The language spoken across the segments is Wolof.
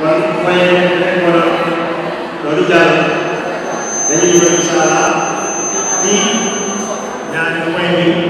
kon moyen yi rek moo doon loolu jàll dañuy ñëw incha allah ci ñaari moyen bi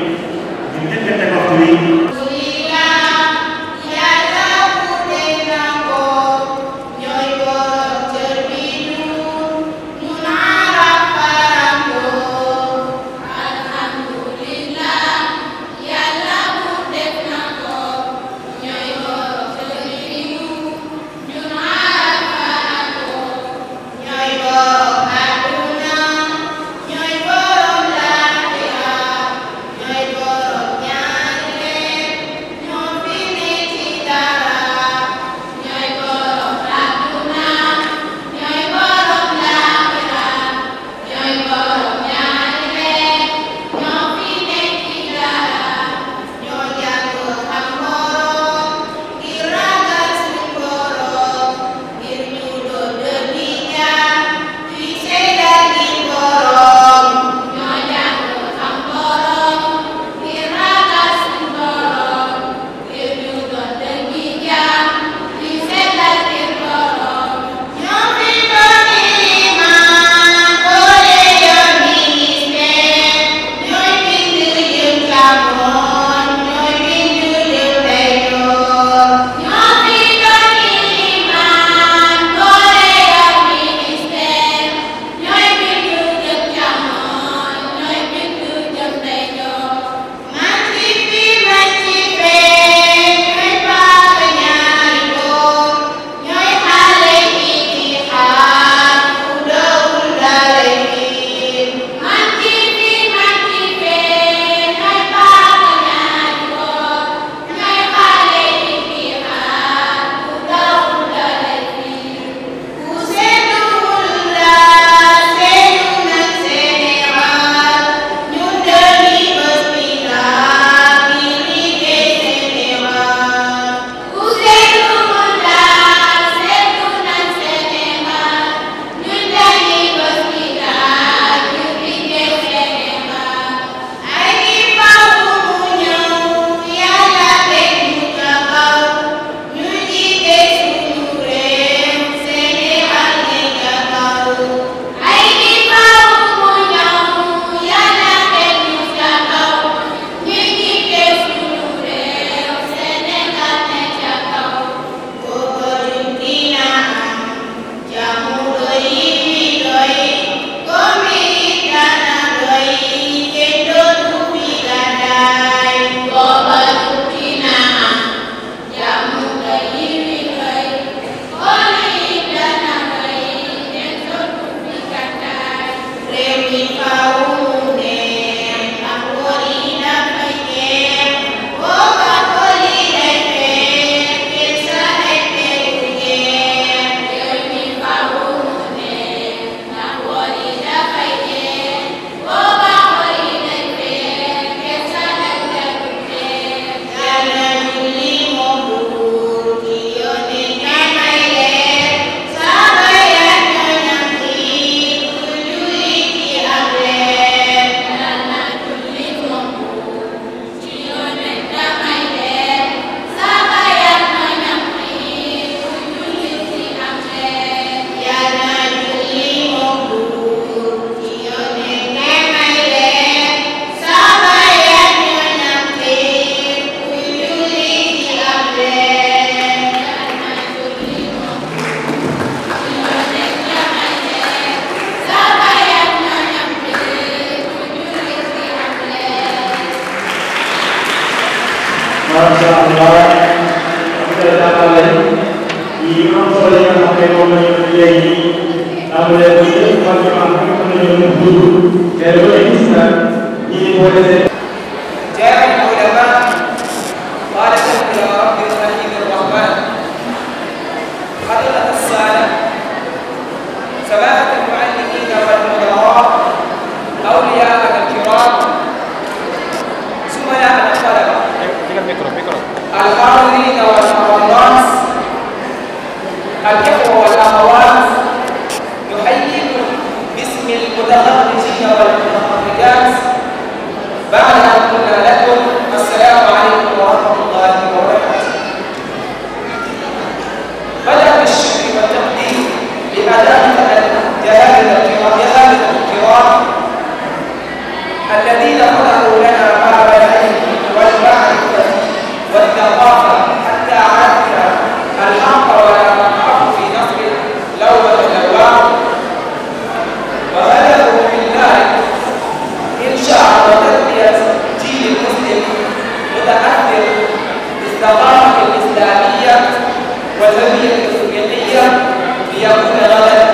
والهوية السوفيتية ليكون غدا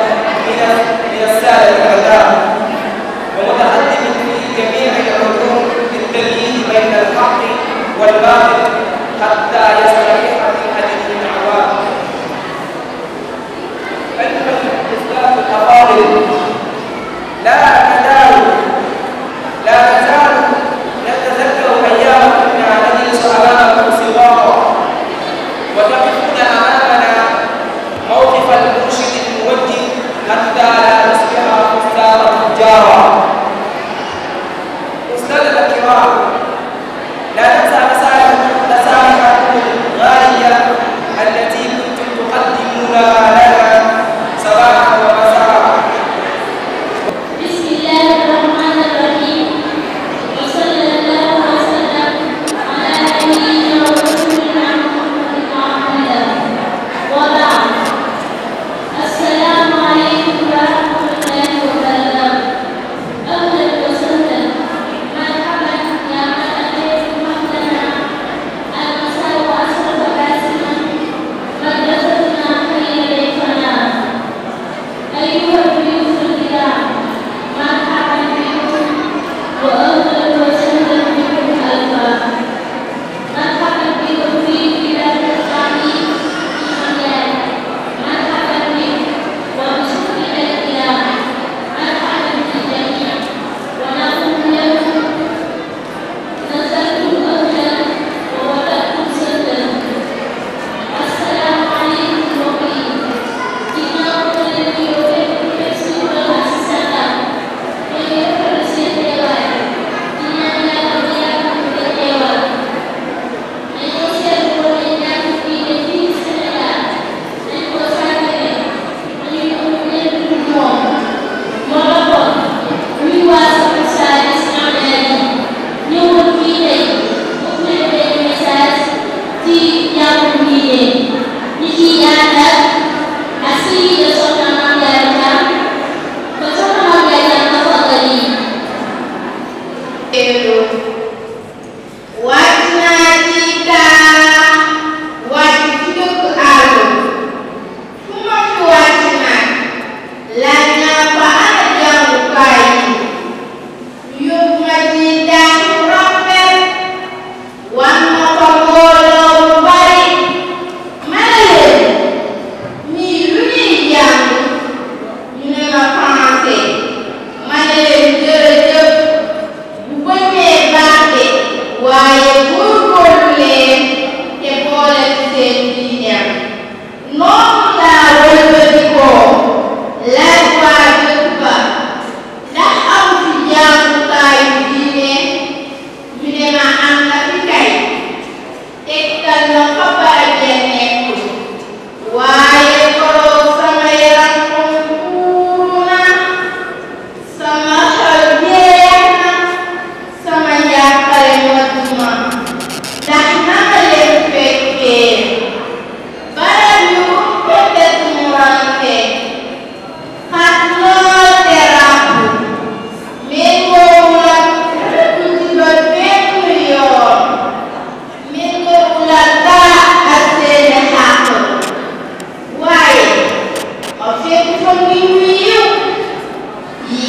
من من السالم غداء ومتقدم في جميع العلوم بالتمييز بين الحق والباطل حتى يستريح من هذه الدعوات. أيها الإخوة الأفاضل لا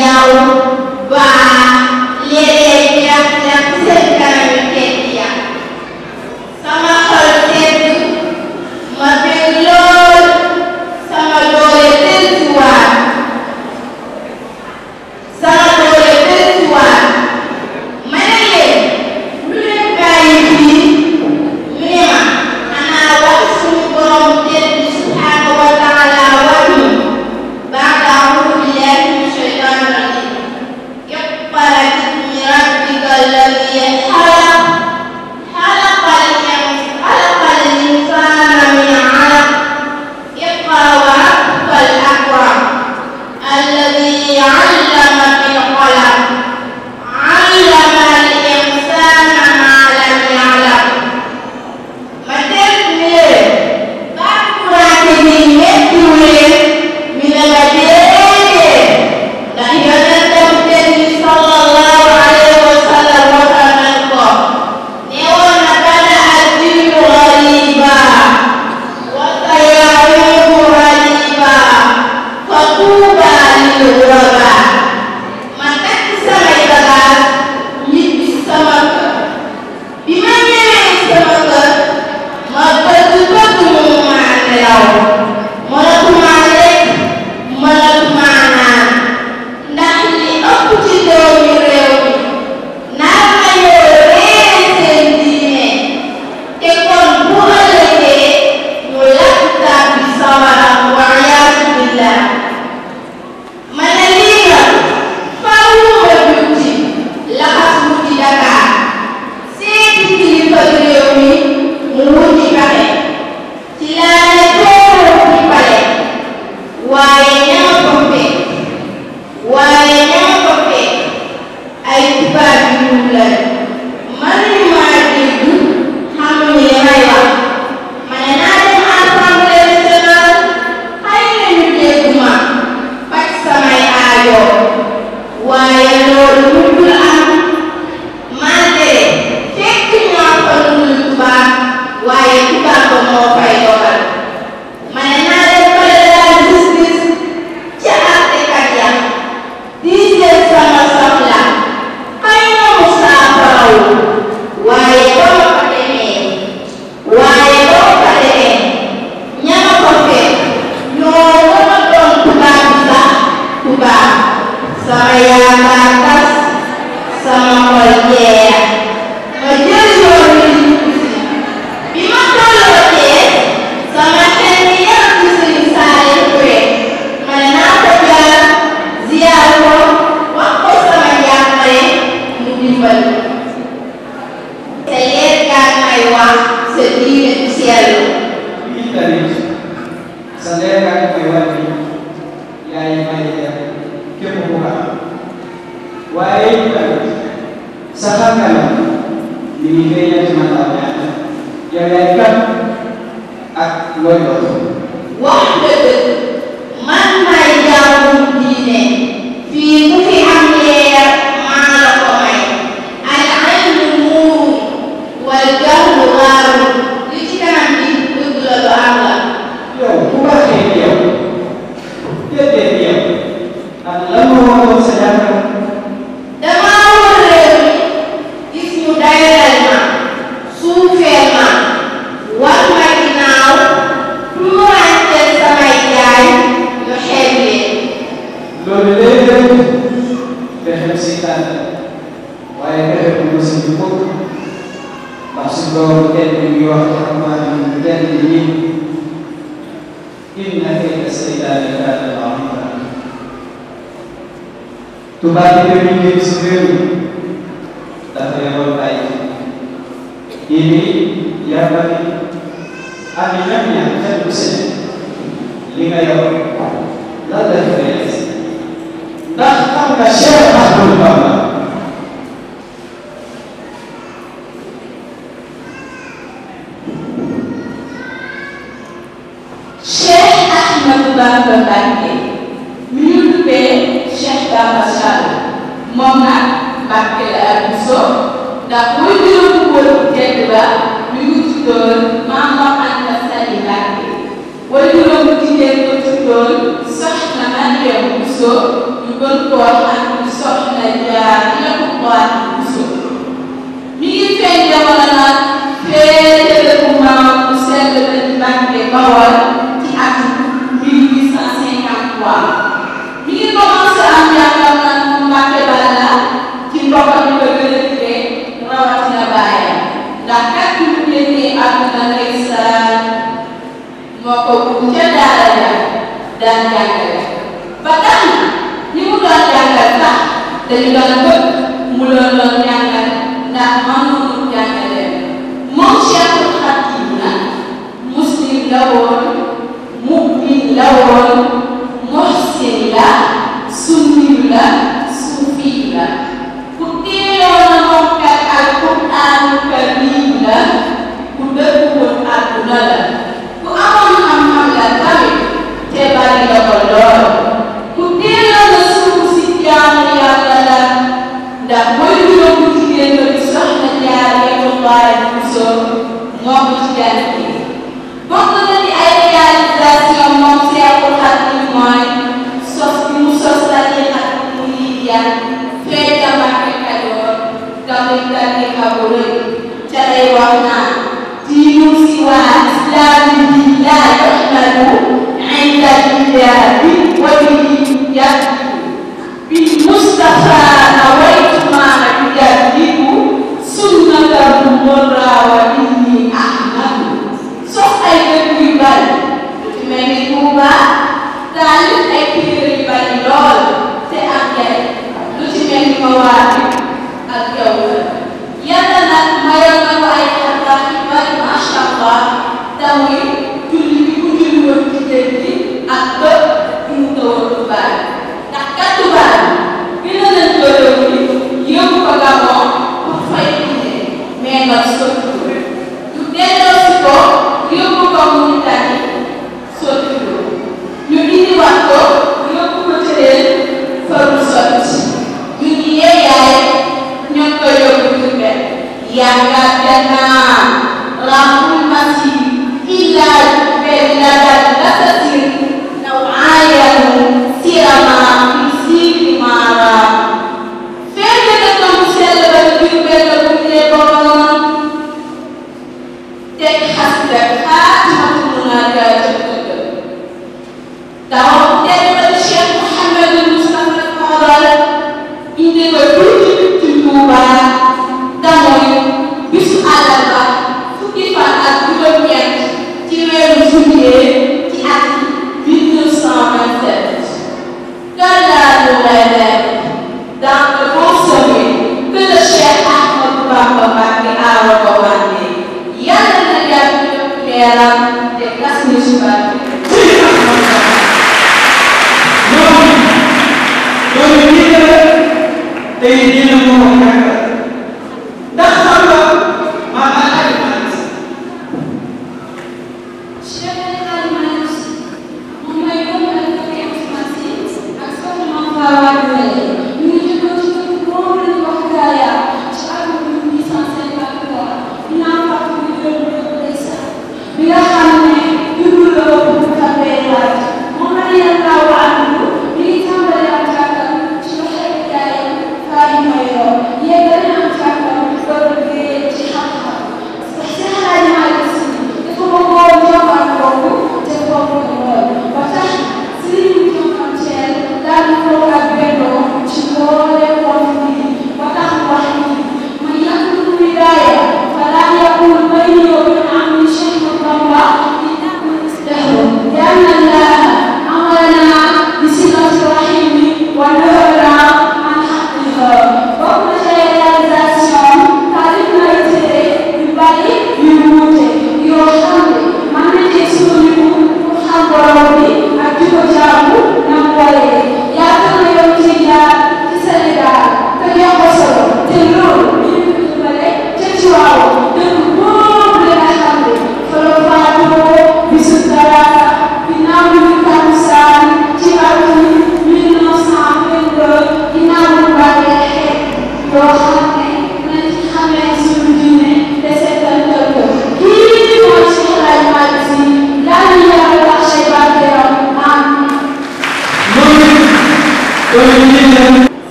yau ba lere Maria loolu léeg-léeg pexem seytaan la waaye pexe bu ma si mukk ndax su loolu kenn mi ngi wax ci xamaa ni kenn ñi inna kayda seytaane kaana da'iifa tubaab yi ñu ngi si réew mi dafa yoroon ay yi ni yàlla ni am ñam ñam xel bu seen li nga yor lan la na shehe Ahmad Bamba Abdoulaye Ndeye Salaam moo ko dugg ca daara ja daan jàngale ba tax ñi mu doon jàngal sax dañu doon bëgg mu doon doon jàngal ndax man ma doon jàngale moom Cheikhul Khadim na muslim la woon jëkkër soxna Diarra Bousso moo ko ci gàllankoor bokk na ci ay réalisation moom Seexul Xadiim mooy sos bi mu sos tariixa muriidiyya fee ca Mbàkke Kajoor tamit tariixa bu rëy ca lay wax naan diinu siwaa islaami bi laa yuhmadu inda al-ijaabi wa bihi ya'ni bil Mustafaa Tuubaa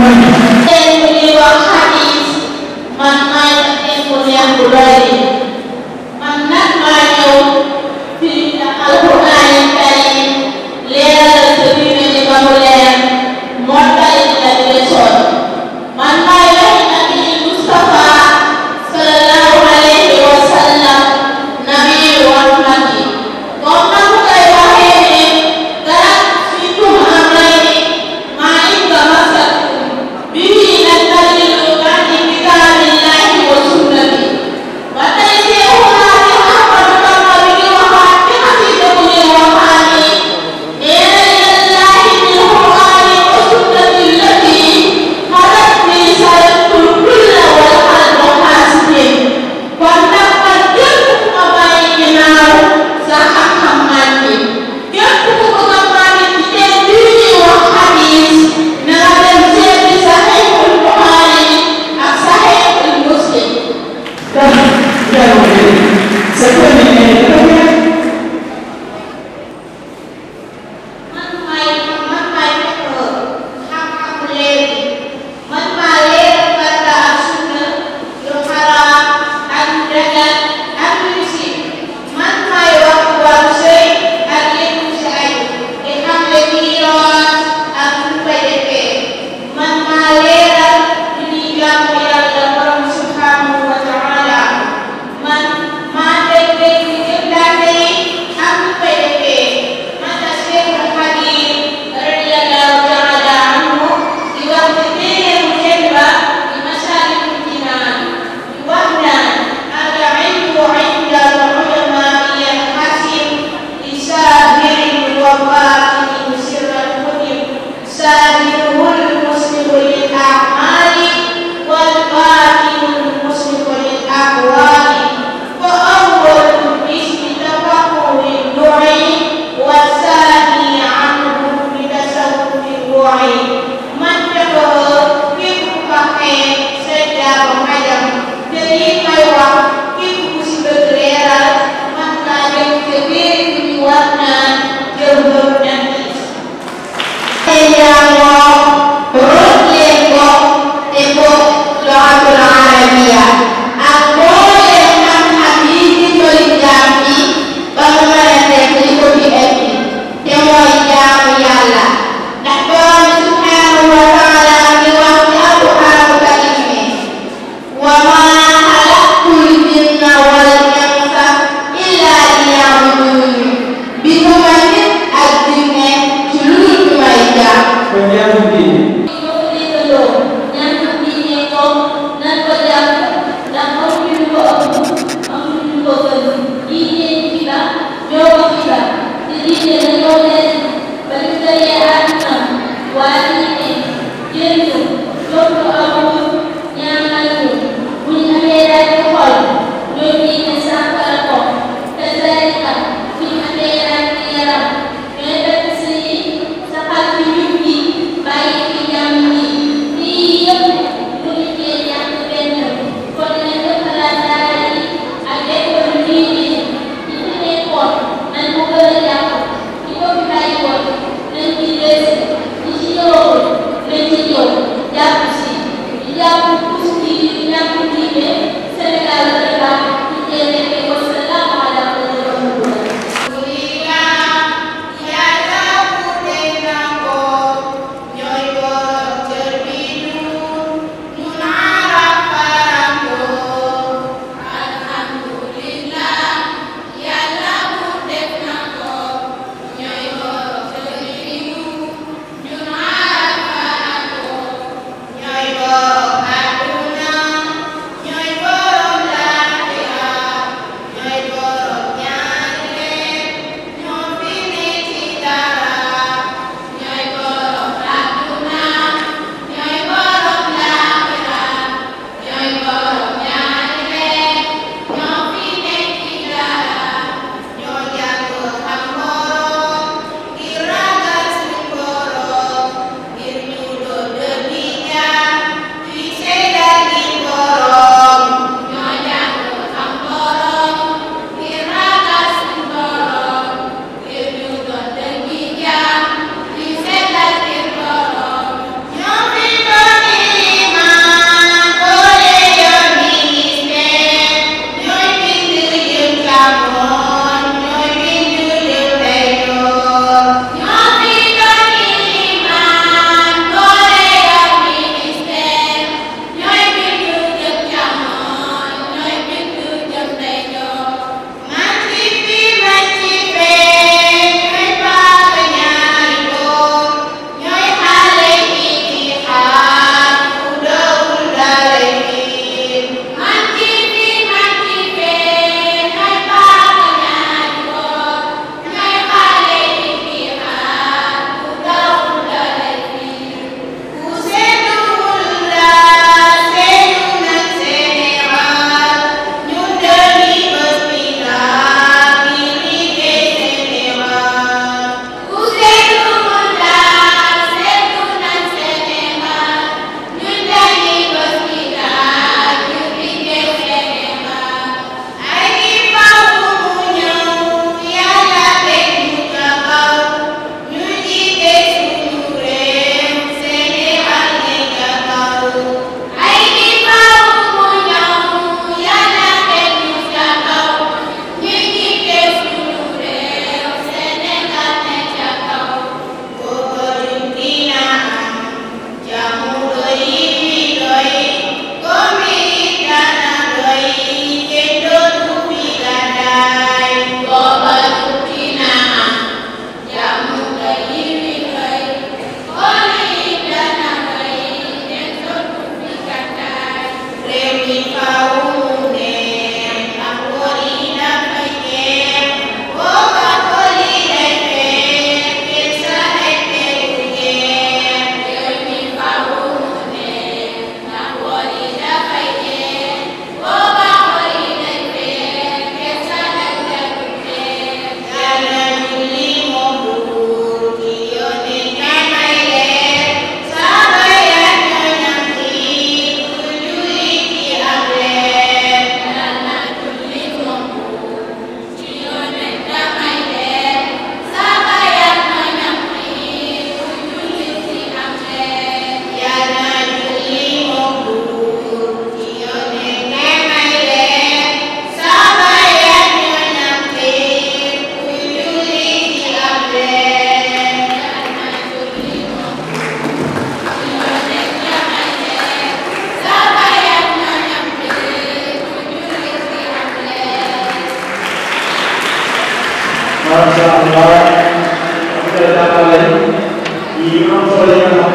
man maa ngi leen ko neex bu doy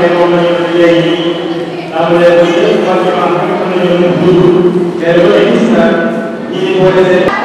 xam ne la ñu léegi tàmbalee ko ci fan yu am xam ne ñoom ñu dund te loolu gis naa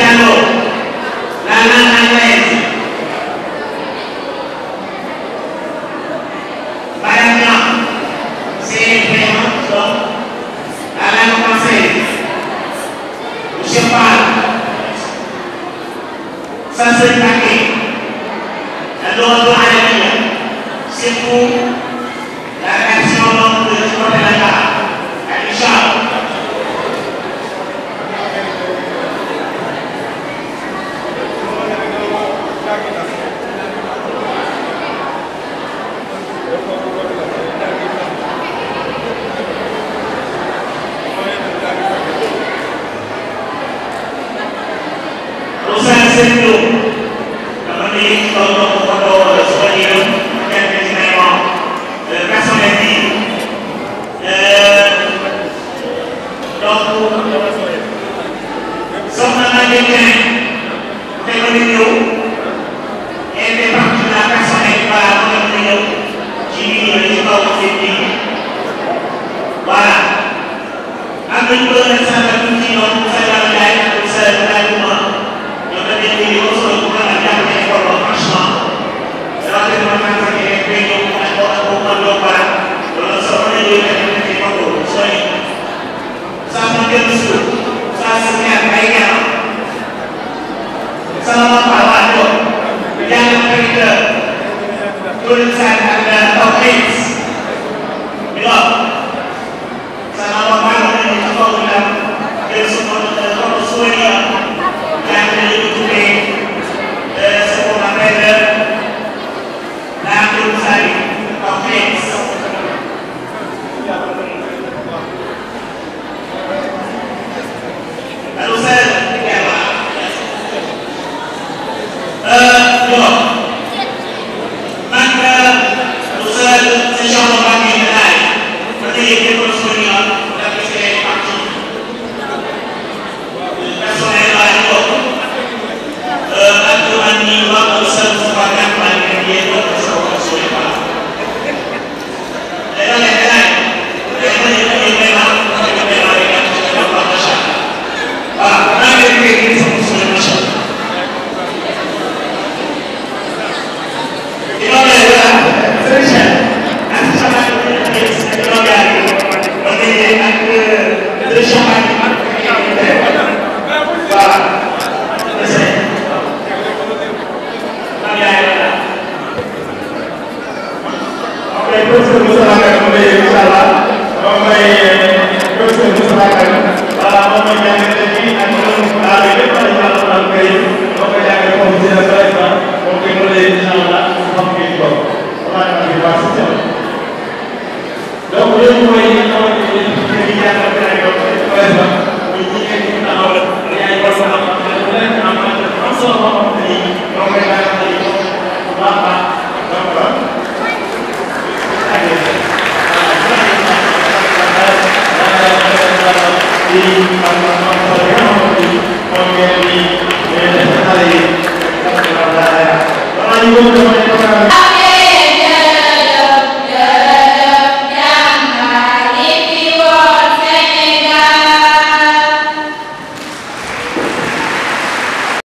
Thank you.